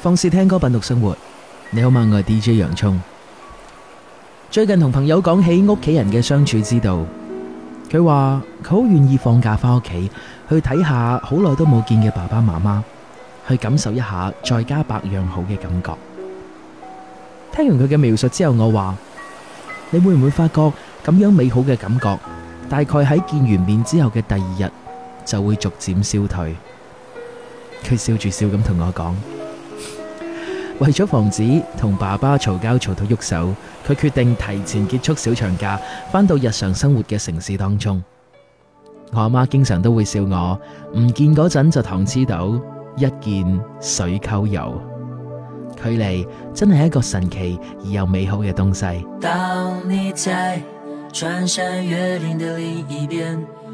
放肆聽歌品讀生活，你好嗎？我係 DJ 洋蔥。最近同朋友講起屋企人嘅相處之道，佢話佢好願意放假翻屋企去睇下好耐都冇見嘅爸爸媽媽，去感受一下在家百樣好嘅感覺。聽完佢嘅描述之後，我話你會唔會發覺咁樣美好嘅感覺，大概喺見完面之後嘅第二日。就會逐漸消退。佢笑住笑咁同我講，為咗防止同爸爸嘈交嘈到喐手，佢決定提前結束小長假，翻到日常生活嘅城市當中。我阿媽經常都會笑我，唔見嗰陣就糖黐豆，一見水溝油。距離真係一個神奇而又美好嘅東西。當你在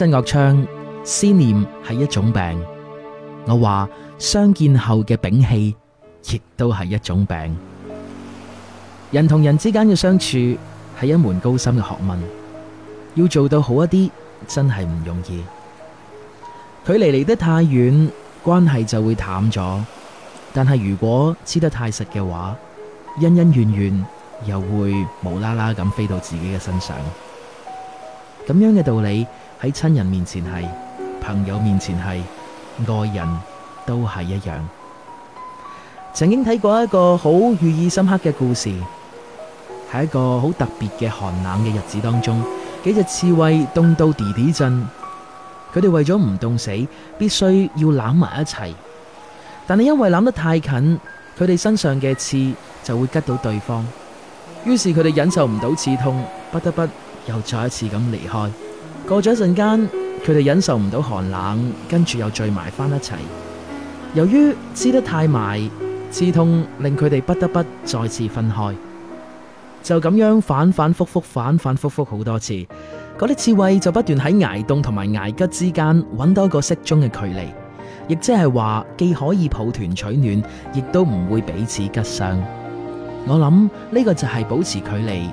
震岳唱，思念係一種病。我話相見後嘅摒棄，亦都係一種病。人同人之間嘅相處係一門高深嘅學問，要做到好一啲，真係唔容易。距離離得太遠，關係就會淡咗；但係如果黐得太實嘅話，恩恩怨怨又會無啦啦咁飛到自己嘅身上。咁樣嘅道理。喺親人面前係，朋友面前係，愛人都係一樣。曾經睇過一個好寓意深刻嘅故事，喺一個好特別嘅寒冷嘅日子當中，幾隻刺蝟凍到地地震，佢哋為咗唔凍死，必須要攬埋一齊。但係因為攬得太近，佢哋身上嘅刺就會拮到對方，於是佢哋忍受唔到刺痛，不得不又再一次咁離開。過咗一陣間，佢哋忍受唔到寒冷，跟住又聚埋翻一齊。由於黐得太埋，刺痛令佢哋不得不再次分開。就咁樣反反復復，反反復復好多次，嗰啲刺蝟就不斷喺挨凍同埋挨吉之間揾到一個適中嘅距離，亦即係話既可以抱團取暖，亦都唔會彼此吉傷。我諗呢個就係保持距離。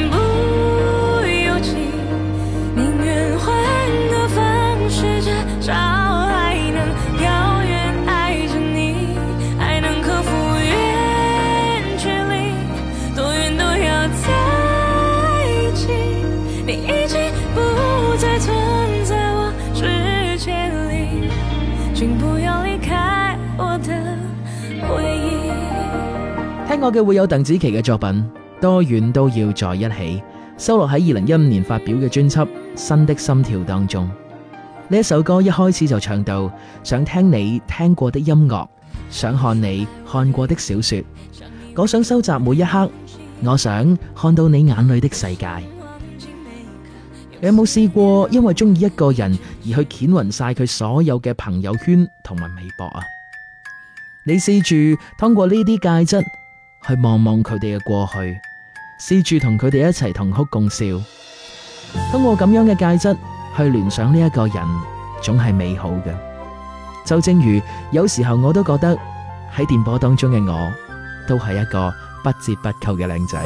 我嘅會有鄧紫棋嘅作品《多遠都要在一起》，收錄喺二零一五年發表嘅專輯《新的心跳》當中。呢一首歌一開始就唱到，想聽你聽過的音樂，想看你看過的小說。我想收集每一刻，我想看到你眼裏的世界。你有冇試過因為中意一個人而去撿匀晒佢所有嘅朋友圈同埋微博啊？你試住通過呢啲介質，去望望佢哋嘅過去，試住同佢哋一齊同哭共笑，通過咁樣嘅介質去聯想呢一個人，總係美好嘅。周正如，有時候我都覺得喺電波當中嘅我都係一個不折不扣嘅靚仔。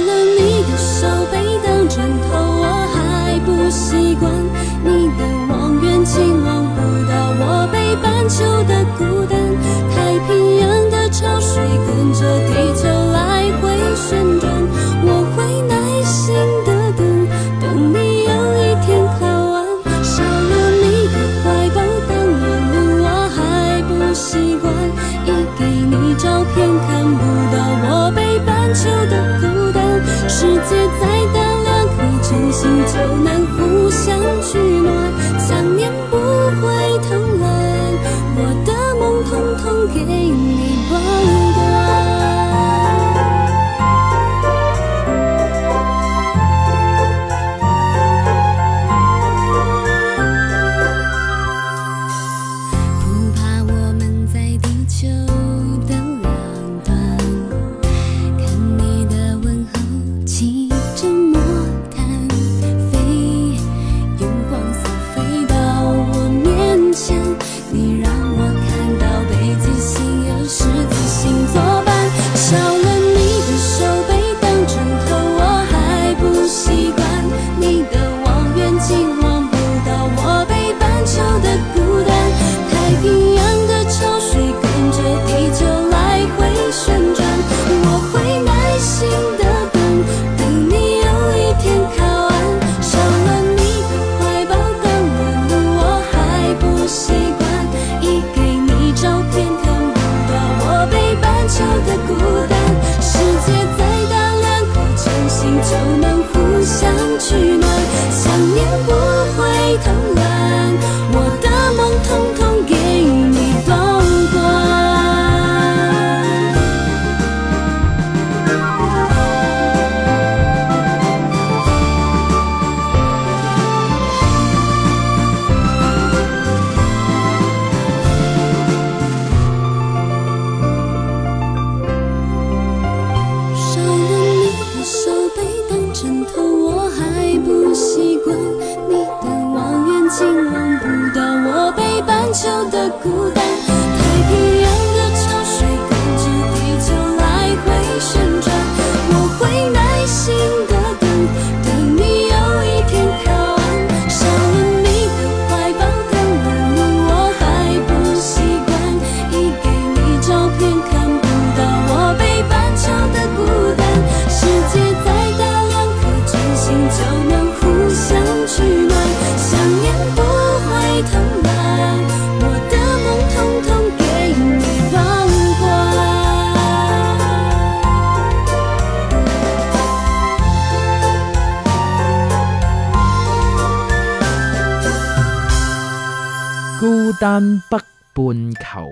單北半球，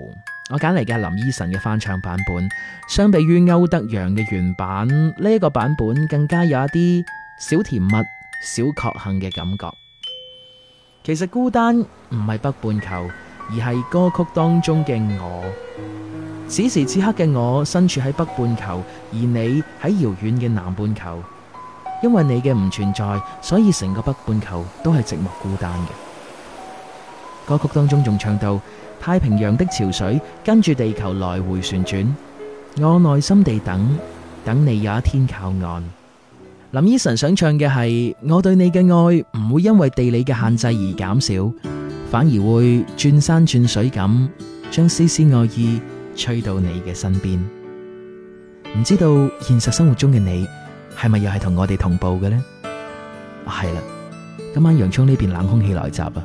我揀嚟嘅林依晨嘅翻唱版本，相比於歐德陽嘅原版，呢一個版本更加有一啲小甜蜜、小確幸嘅感覺。其實孤單唔係北半球，而係歌曲當中嘅我。此時此刻嘅我身處喺北半球，而你喺遙遠嘅南半球。因為你嘅唔存在，所以成個北半球都係寂寞孤單嘅。歌曲當中仲唱到，太平洋的潮水跟住地球來回旋轉，我耐心地等，等你有一天靠岸。林依晨想唱嘅係我對你嘅愛唔會因為地理嘅限制而減少，反而會轉山轉水咁將絲絲愛意吹到你嘅身邊。唔知道現實生活中嘅你係咪又係同我哋同步嘅呢？係啦，今晚洋蔥呢邊冷空氣來襲啊！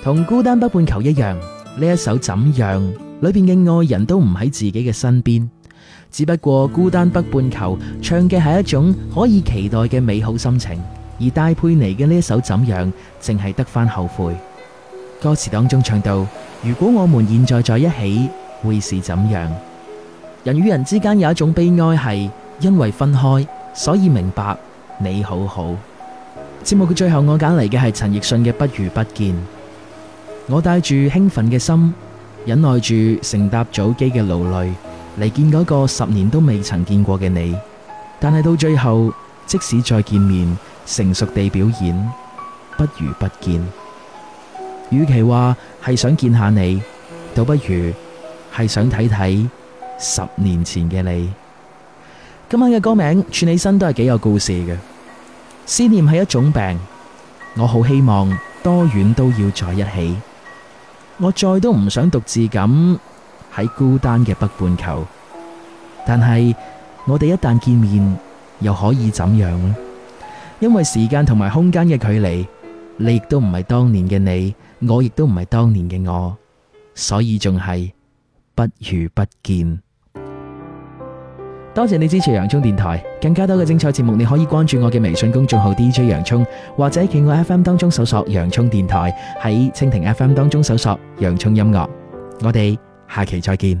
同孤單北半球一樣，呢一首怎樣裏邊嘅愛人都唔喺自己嘅身邊。只不過孤單北半球唱嘅係一種可以期待嘅美好心情，而戴佩妮嘅呢一首怎樣，淨係得返後悔。歌詞當中唱到：如果我們現在在一起，會是怎樣？人與人之間有一種悲哀是，係因為分開，所以明白你好好。節目嘅最後，我揀嚟嘅係陳奕迅嘅不如不見。我帶住興奮嘅心，忍耐住乘搭早機嘅勞累嚟見嗰個十年都未曾見過嘅你，但係到最後，即使再見面，成熟地表演，不如不見。與其話係想見下你，倒不如係想睇睇十年前嘅你。今晚嘅歌名串起身都係幾有故事嘅，思念係一種病，我好希望多遠都要在一起。我再都唔想獨自咁喺孤單嘅北半球，但係我哋一旦見面，又可以怎樣呢？因為時間同埋空間嘅距離，你亦都唔係當年嘅你，我亦都唔係當年嘅我，所以仲係不如不見。多謝你支持洋蔥電台，更加多嘅精彩節目，你可以關注我嘅微信公眾號 D J 洋蔥，或者喺企鵝 F M 當中搜索洋蔥電台，喺蜻蜓 F M 當中搜索洋蔥音樂。我哋下期再見。